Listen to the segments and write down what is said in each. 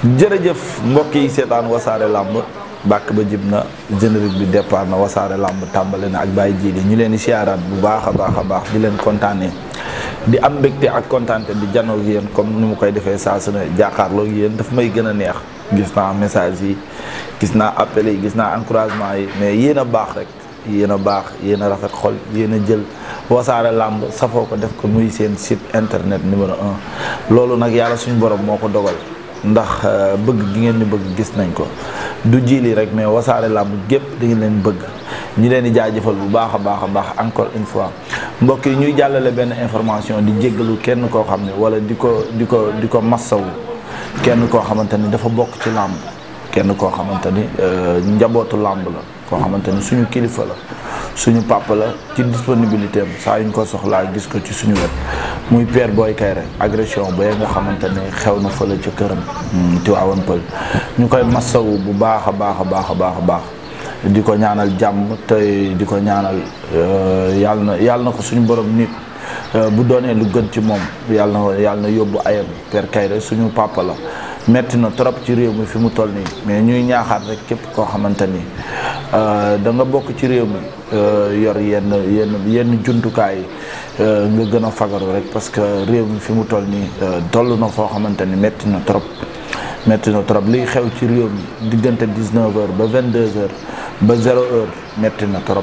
jërëjëf mbokk yi seetaan wasaare làmb bàkk ba jib na générique bi départ na wasaare làmb tàmbale na ak bàyyi jiili ñu leen di siyaaraat bu baax a baax a baax di leen kontaanee di am mbégte ak kontaante di janoog yéen comme ni mu koy defee saa su ne jàkkaarloo yéen dafa may gën a neex gis naa message yi gis naa appel yi gis naa encouragement yi mais yéen a baax rek yéen a baax yéen a rafet xol yéen a jël wasaare làmb safoo ko def ko muy seen site internet numéro un loolu nag yàlla suñu borom moo ko dogal ndax euh, bëgg gi ngeen ñu bëgg gis nañ ko du jili rek mais wasaare làmb gépp dañu leen bëgg ñu leen di jaajëfal bu baax a baax a baax encore une fois mbokk yi ñuy jàllale benn information di jéggalu kenn koo xam ne wala di ko di ko di ko massawu kenn koo xamante ni dafa bokk ci làmb kenn koo xamante ni euh, njabootu làmb la koo xamante ni suñu kilifa la suñu papa la ci disponibilité saa yu ñu ko soxlaa gis ko ci suñu wet muy Pierre Boy Kayre agression ba nga xamante ne xew na fële ca këram mm, Tivaouane pël ñu koy massawu bu baax a baax a baax a baax a baax di ko ñaanal jàmm te di ko ñaanal euh, yàlla na yàlla na ko suñu borom nit euh, bu doonee lu gën ci moom yàlla na yàlla na yóbbu ayam Pierre Kayre suñu papa la metti na trop ci réew mi fi mu toll nii mais ñuy ñaaxaat rek képp koo xamante ni euh, da nga bokk ci réew mi Euh, yor yenn yenn yenn jumtukaay yi euh, nga gën a fagaru rek parce que réew mi fi mu toll nii euh, toll na foo xamante ni métti na trop métti na trop liy xew ci réew mi diggante 19 heures ba 22 heures ba 0 heure métti na trop.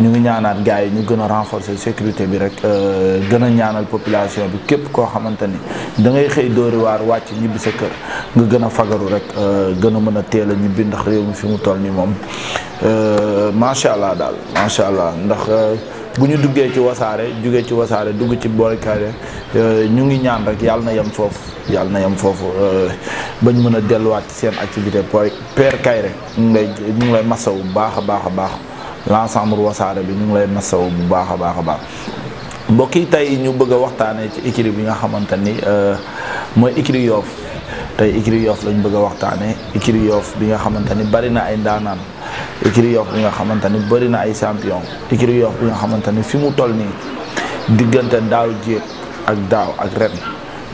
ñu ngi ñaanaat gars yi ñu gën a renforcer sécurité bi rek euh, gën a ñaanal population bi képp koo xamante ni da ngay xëy dóori waar wàcc ñibbi sa kër gën a fagaru rek euh, gën a mën a teel a ñibbi ndax réew fi mu toll nii moom euh, macha allah daal macha allah ndax. bu ñu duggee ci wasaare jugee ci wasaare dugg ci boolekaare ñu ngi ñaan rek yàlla na yam foofu yàlla na yem foofu bañ mën a delluwaat ci seen activité po Père Kairé ñu ngi lay ñu ngi lay masawu baax a baax a baax l'ensemble wasaare bi ñu ngi lay masaw bu baax a baax a baax mbokk yi tey ñu bëgg a waxtaanee ci écurie bi nga xamante ni euh, mooy écurie yoof tey écurie yoof lañ bëgg a waxtaanee écurie Yoff bi nga xamante ni bari na ay ndaanaan écurie Yoff bi nga xamante ni bari na ay champion écurie Yoff bi nga xamante ni fi mu toll nii diggante daaw jéeg ak daaw ak ren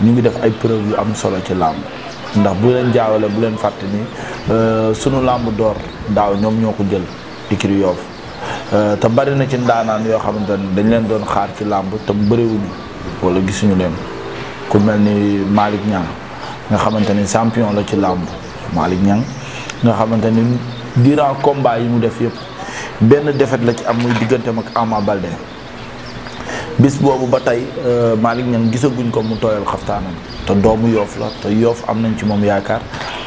ñu ngi def ay preuve yu am solo ci làmb ndax bu leen jaawale bu leen fàtte ni euh, sunu làmb door daaw ñoom ñoo ko jël écurie Yoff te bari na ci ndaanaan yoo xamante ne dañ leen doon xaar ci làmb te bëriwuñu wala gisuñu leen ku mel ni Malick Niang nga xamante ni champion la ci làmb Malick Niang nga xamante ni durant combat yi mu def yëpp benn défaite la ci am muy digganteem ak Ama Baldé bis boobu ba tey euh, Malick Niang gisaguñ ko mu tooyal xaftaanam te doomu yoof la te yoof am nañ ci moom yaakaar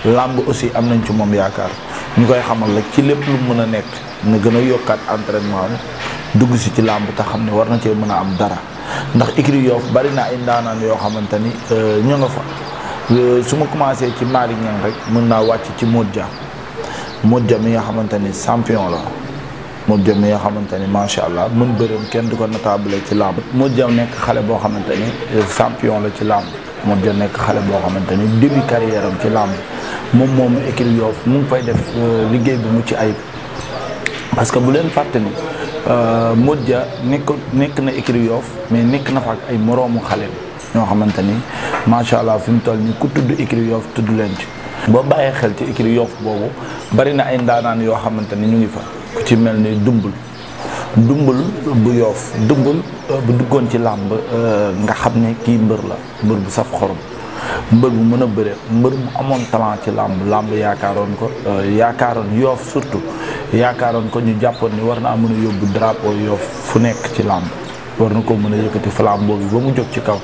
làmb aussi am nañ ci moom yaakaar ñu koy xamal la ci lépp lu mën a nekk na gën a yokkaat entraînement dugg si ci làmb te xam ne war na cee mën a am dara ndax écurie Yoff bari na ay ndaanaan yoo xamante ni euh, ñu nga fa euh, su ma commencé ci Malick Niang rek mën naa wàcc ci Modja Modja mi nga xamante ni champion la Modja mi nga xamante ni macha allah mën bërëm kenn du ko notable ci làmb Modja nekk xale boo xamante ni euh, champion la ci làmb Modja nekk xale boo xamante ni début ci làmb moom moom écurie Yoff mu fay def liggéey bi mu ci ayib parce que bu leen fàtte ni euh, Modja nekk nekk na écurie yoof mais nekk na fa ak ay moroomu xale ñoo xamante ni macha allah fi mu toll nii ku tudd écurie yoof tudd leen ci. boo bàyyee xel ci écurie Yoff boobu bari na ay ndaanaan yoo xamante ni ñu ngi fa ku ci mel ni dumbul dumbul bu Yoff dumbul euh, bu duggoon ci làmb euh, nga xam ni kii mbër la mbër bu saf xorom. mbër mu mën a bëre mbër mu amoon talent ci làmb làmb yaakaaroon ko euh, yaakaaroon yoof surtout yaakaaroon ko ñu jàppoon ni war na mën a yóbbu drapeau yoof fu nekk ci làmb war na ko mën a yëkkati flambeau bi ba mu jóg ci kaw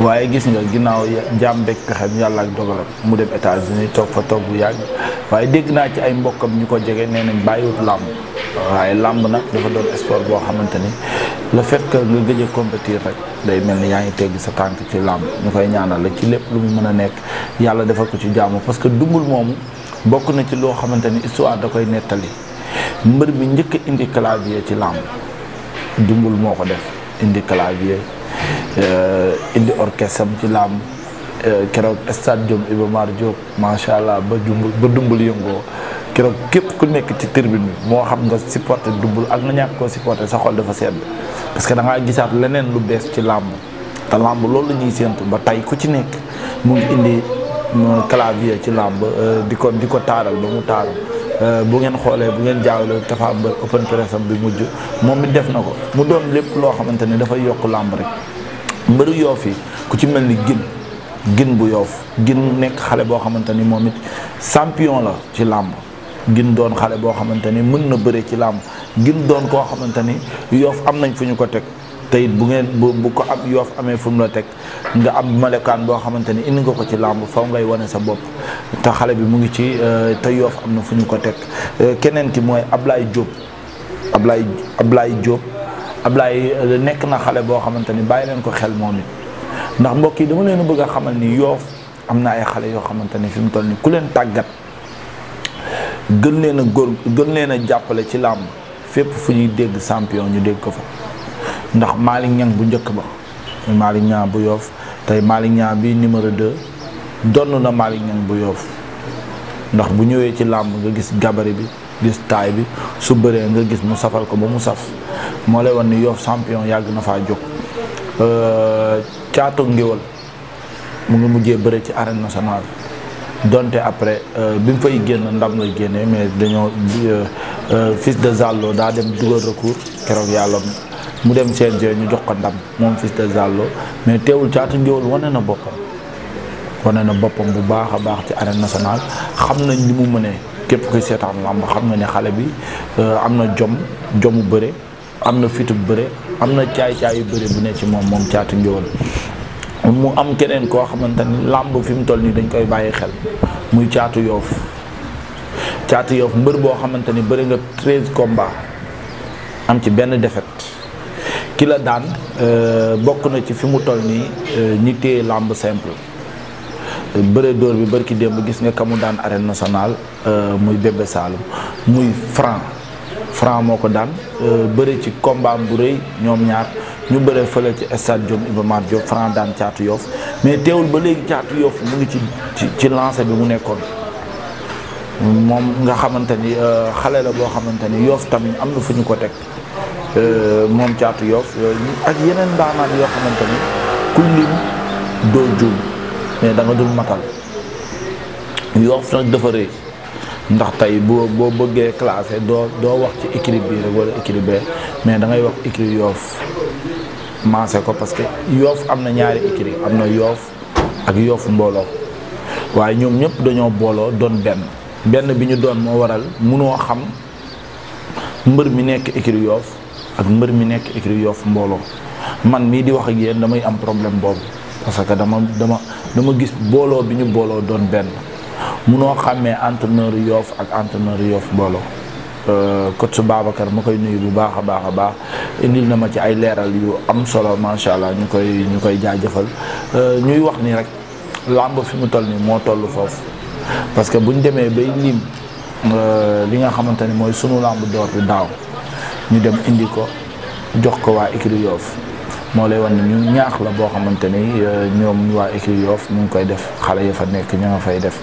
waaye gis nga ginnaaw jaam bekk pexem yàlla ak dogalam mu dem États-Unis toog fa toog bu yàgg waaye dégg naa ci ay mbokkam ñu ko jege nee nañ bàyyiwut làmb waaye làmb nag dafa doon sport boo xamante ni le fait que nga gëj a compétir rek day mel ni yaa ngi teggi sa tànk ci làmb ñu koy ñaanal la ci lépp lu mu mën a nekk yàlla defal ko ci jàmm parce que dumbul moom bokk na ci loo xamante ni histoire da koy nettali mbër mi njëkk a indi clavier ci làmb dumbul moo ko def indi clavier euh, indi orchestre am ci làmb euh, keroog stade Iba Mar Diop macha allah ba dumbul ba dumbul yëngoo keroog képp ku nekk ci tribune bi moo xam nga supporter double ak nga ñàkk koo supporter sa xol dafa sedd parce que da gisaat leneen lu bees ci làmb te làmb loolu la ñuy séentu ba tey ku ci nekk mu ngi indi clavier ci làmb euh, di ko di ko taaral ba mu taaral euh, bu ngeen xoolee bu ngeen jaawale Tapha Mbeur open press bi mujj moom it def na ko mu doon lépp loo xamante ne dafay yokk làmb rek mbëru yoof yi ku ci mel ni gin gin bu yoof gin nekk xale boo xamante ni moom it champion la ci làmb gin doon xale boo xamante ni mën na bëre ci làmb gin doon koo xamante ni yoof am nañ fu ñu ko teg te bu ngeen bu bu ko yoof amee fu mu la teg nga am malekaan boo xamante ni indi nga ko ci làmb faw ngay wane sa bopp te xale bi mu ngi ci euh, te yoof am na fu ñu ko teg euh, keneen ki mooy Ablaye Diop Ablaye Ablaye Diop Ablaye euh, nekk na xale boo xamante ni bàyyi leen ko xel moom ndax mbokk yi dama leen bëgg ni yoof am na ay xale yoo xamante ni fi mu toll ni ku leen tàggat gën leen góor gën leen a jàppale ci làmb fépp fu ñuy dégg champion ñu dégg ko fa ndax Malick Niang bu njëkk ba Malick Niang bu yoof tey Malick Niang bi numéro 2 donn na Malick Niang bu yoof ndax bu ñëwee ci làmb nga gis gabari bi gis taay bi su bëree nga gis mu safal ko ba mu saf moo lay wan ni yoof sampion yàgg na faa jóg caatu euh, ngéwal mu ngi mujjee bëre ci arène nationale donte après euh, bi mu fay génn ndam lay génne mais dañoo euh, euh, fils de Zallo daa dem dugal recours keroog yàlla mu dem CNG ñu jox ko ndam moom fils de Zallo mais teewul caatu njool wane na boppam wane na boppam bu baax a baax ci arène nationale xam nañ li mu mënee képp kuy seetaan làmb xam na ne xale bi am na jom jomu bëre am na fitu bëre am na caay-caay yu bëre bu nekk ci moom moom caatu njool mu am keneen koo xamante ni làmb fi mu toll nii dañ koy bàyyi xel muy caatu yoof caatu yoof mbër boo xamante ni bëri nga treize combats am ci benn défaite ki la daan euh, bokk na ci fi mu toll nii euh, ñi téye làmb simple bëre dóor bi ki démb gis nga kamu daan arène nationale euh, muy bébé Saloum muy franc Franc moo ko daan euh, bëri ci combat bu rëy ñoom ñaar ñu bëre fële ci stade Iba Mar Diop Franc daan Caatu Yoff mais teewul ba léegi Caatu Yoff mu ngi ci ci ci bi mu nekkoon moom nga xamante ni euh, xale la boo xamante ni Yoff tamit am na fu ñu ko teg euh, moom Caatu Yoff ak yeneen daanaan yoo xamante ni ku lim doo juum mais da nga matal Yoff nag dafa rëy. ndax tey boo boo bëggee classé doo doo wax ci équipe bi rek wala équipe bee mais da ngay wax équipe yoof maase ko parce que yoof am na ñaari équipe am na yoof ak yoof mbooloo waaye ñoom ñëpp dañoo booloo doon benn benn bi ñu doon moo waral munoo xam mbër mi nekk écurie yoof ak mbër mi nekk écurie Yoff mbooloo man mii di wax ak yéen damay am problème boobu parce que dama dama dama gis booloo bi ñu booloo doon benn mu munoo xàmmee entraîneur yoof ak entraîneur Yoff mbooloo euh, coach Babacar ma koy nuyu bu baax a baax a baax indil na ma ci ay leeral yu am solo macha allah ñu koy ñu koy jaajëfal euh, ñuy wax nii rek làmb fi mu toll nii moo toll foofu parce que bu ñu demee bay lim euh, li nga xamante ni mooy sunu làmb door bi daaw ñu dem indi ko jox ko waa écurie yoof moo lay wan ne ñu ñaax la boo xamante ni ñoom waa écurie yoof mu ngi koy def xale ya fa nekk ña nga fay def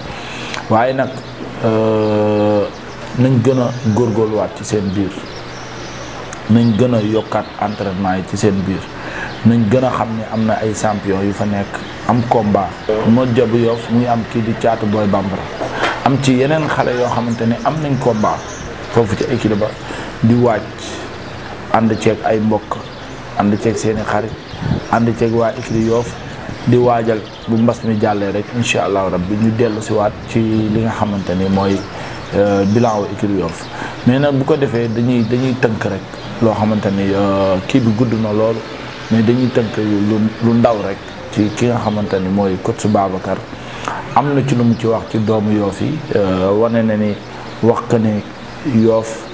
waaye nag euh, nañ gën a góorgóorluwaat ci seen biir nañ gën a yokkaat entraînement yi ci seen biir nañ gën a xam ne am na ay champion yu fa nekk am komba moo jabu mu ngi am kii di caatu booy bambara am ci yeneen xale yoo xamante ne am nañ combat foofu ci équipe ba di waaj ànd ceeg ay mbokk ànd ceeg seeni xarit ànd ceeg waa équipe yoof di waajal bu mbas mi jàllee rek incha allahu rabbi ñu dellu si waat ci li nga xamante ni mooy euh, bilan wu écurie Yoff mais nag bu ko defee dañuy dañuy tënk rek loo xamante ni euh, kii bi gudd na loolu mais dañuy tënk lu ndaw rek ci ki nga xamante ni mooy coach Babacar am na ci lu mu ci wax ci doomu Yoff yi euh, wane na ni wax que ne Yoff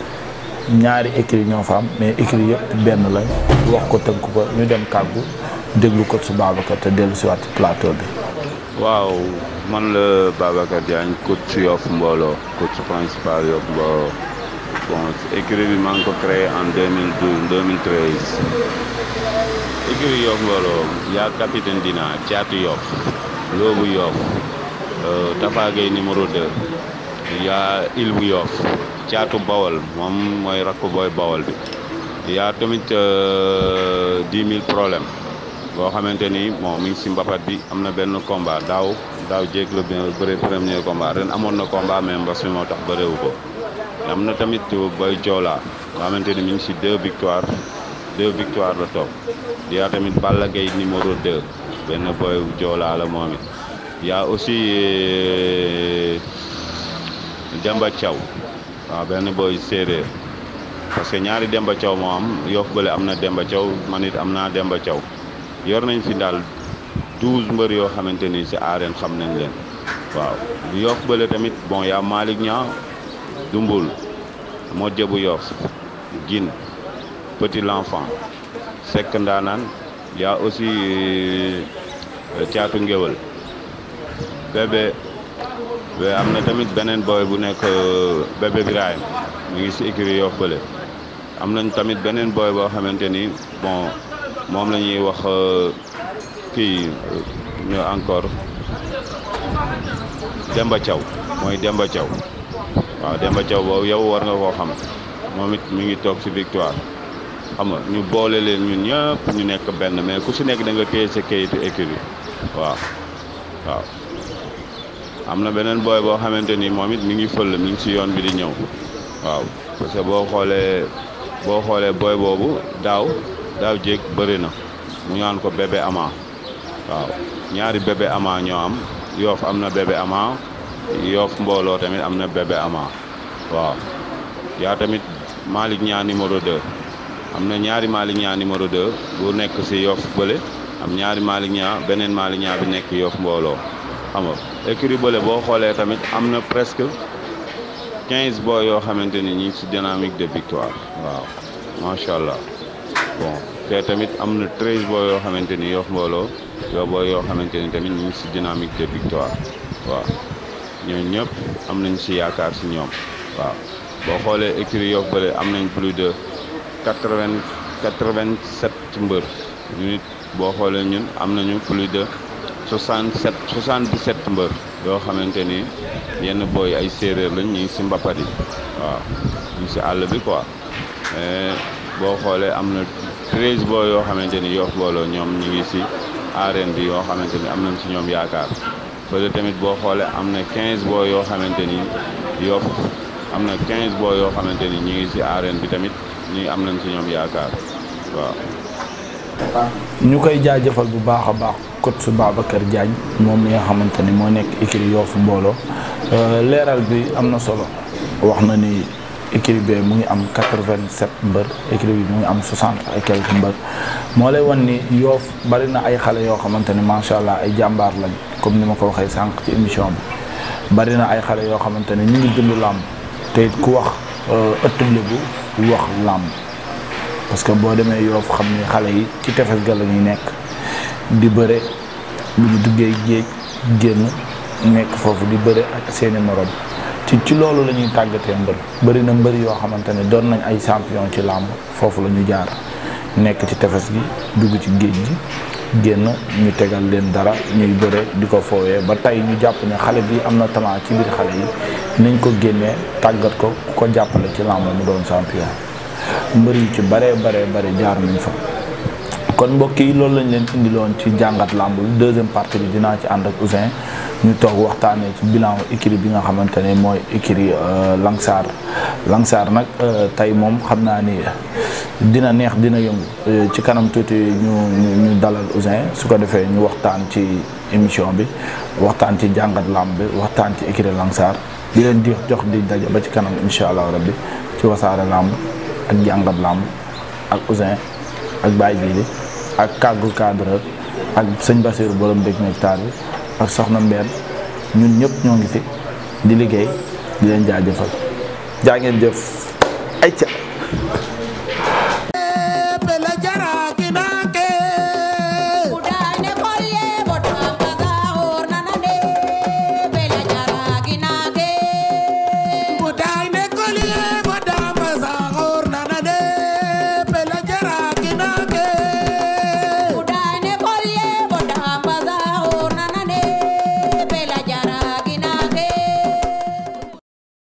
ñaari écurie ñoo fa am mais écurie yëpp benn la wax ko tënk ko ñu dem kàggu déglu ko su Babacar te dellu si waat plateau bi. waaw man la Babacar Diagne coach Yoff Mbooloo coach principal Yoff Mbooloo bon écurie bi maa ngi ko créé en 2012 2013 écurie Yoff Mbooloo yaa capitaine Dina caatu Yoff loobu Yoff euh, Tafa Gueye numéro 2 yaa il bu Yoff caatu Bawol moom mooy rakk booy Bawol bi yaa tamit euh, problèmes. boo xamante ni bon mi ngi si mbapat bi am na benn combat daaw daaw jéeg la bëre premier combat ren amoon na combat mais mbas mi moo tax bëreewu ko am na tamit Boy Joola boo xamante ni mi ngi si deux victoires deux victoires la toog di yaa tamit Balla Gaye numéro 2 benn Boy Joola la moom it yaa aussi euh, Demba Thiaw waaw benn Boy séeréer parce que ñaari Demba caw moo am Yoff bële am na Demba Thiaw man it am naa Demba Thiaw yor nañ si daal mbër yoo xamante ni si arène xam nañ leen waaw bu yoof bële tamit bon yaa Malick Niang Dumbul moo jëbu yoof Gine Petit l'enfant Seck Ndaanaan yaa aussi Caatu euh, Ngéwël bébé am na tamit beneen booy bu nekk euh, bébé Birahim mu ngi si écurie yoof bële am nañ tamit beneen booy boo xamante ni bon moom la ñuy wax euh, kii euh, ñu encore Demba Thiaw mooy Demba Thiaw waaw Demba Thiaw boobu yow war nga koo xam moom it mu ngi toog ci victoire xam nga ñu boole leen ñun ñëpp ñu nekk benn mais ku si nekk da nga téye sa kayitu écurie waaw waaw am na beneen booy boo xamante ni moom it mi ngi fël mi ngi si yoon bi di ñëw waaw parce que boo xoolee boo xoolee booy boobu daaw daal jéeg bëri na mu ñaan ko bébé ama waaw ñaari bébé ama ñoo am yoof am na bébé ama yoof mbooloo tamit am na bébé ama waaw yaa tamit Malick ñaa numéro 2 am na ñaari Malick ñaa numéro 2 bu nekk si yoof bële am ñaari Malick ñaa beneen Malick ñaa bi nekk yoof mbooloo xam nga écurie bële boo xoolee tamit am na presque 15 boo yoo xamante ni si dynamique de victoire waaw macha allah. bon te tamit am na treize boo yoo xamante ni Yoff mbooloo yoo boo yoo xamante ni tamit ñu ngi si dynamique de victoire waaw ñooñu ñëpp am nañ si yaakaar si ñoom waaw boo xoolee écurie Yoff bële am nañ plus de quatre vingt quatre vingt sept mbër ñu nit boo xoolee ñun am nañu plus de soixante sept soixante dix sept mbër yoo xamante ni yenn booy ay séeréer lañ ñu ngi si mbappat yi waaw ñu ngi àll bi quoi. boo xoolee am na treize boo yoo xamante ni Yoff Mbooloo ñoom ñu ngi si arène bi yoo xamante ni am nañ si ñoom yaakaar fële tamit boo xoolee am na quinze boo yoo xamante ni Yoff am na quinze boo yoo xamante ni ñu ngi si arène bi tamit ñu am nañ si ñoom yaakaar waaw. ñu koy jaajëfal bu baax a baax coach su Babacar Diagne moom mi nga xamante ni moo nekk écurie Yoff Mbooloo euh, leeral bi am na solo wax na ni. écurie bi mu ngi am quatre-vingt-sept mbër écurie bi mu ngi am soixante et quelques mbër moo lay wan ni yoof bari na ay xale yoo xamante ni macha allah ay jàmbaar lañ comme ni ma ko waxee sànq ci émission bi bari na ay xale yoo xamante ni ñu ngi dund làmb te ku wax euh, ëtt lébu wax làmb parce que boo demee yoof xam ne xale yi ci tefes ga la ñuy nekk di bëre bu ñu duggee géej génn nekk foofu di bëre ak seeni morom ci ci loolu la ñuy tàggatee mbër bëri na mbër yoo xamante ne doon nañ ay champion ci làmb foofu la ñu jaar nekk ci tefes gi dugg ci géej gi génn ñu tegal leen dara ñuy bëre di ko foowee ba tey ñu jàpp ne xale bi am na talent ci biir xale yi nañ ko génnee tàggat ko ku ko jàppale ci làmb mu doon champion mbër yi ci baree baree bare jaar nañ fa kon mbokk yi loolu lañ leen indiloon ci jàngat làmb deuxième partie bi dinaa ci ànd ak Ouzin ñu toog waxtaanee ci bilan écurie bi xamante ne mooy écurie euh, Langsar Langsar nag euh, tey moom xam naa ni dina neex dina yëngu euh, ci kanam tuuti ñu ñu dalal Ouzin su ko defee ñu waxtaan ci émission bi waxtaan ci jàngat làmb bi waxtaan ci écurie Langsar di leen di jox di daje ba ci kanam incha allah rabbi ci wasaare làmb ak jàngat làmb ak Ouzin ak Baye Djily ak kàggu cadre ak sëñ Basiru borom dëkk nectar bi ak soxna Mbène ñun ñëpp ñoo ngi fi di liggéey di leen jaajëfal jaa ngeen jëf ay ca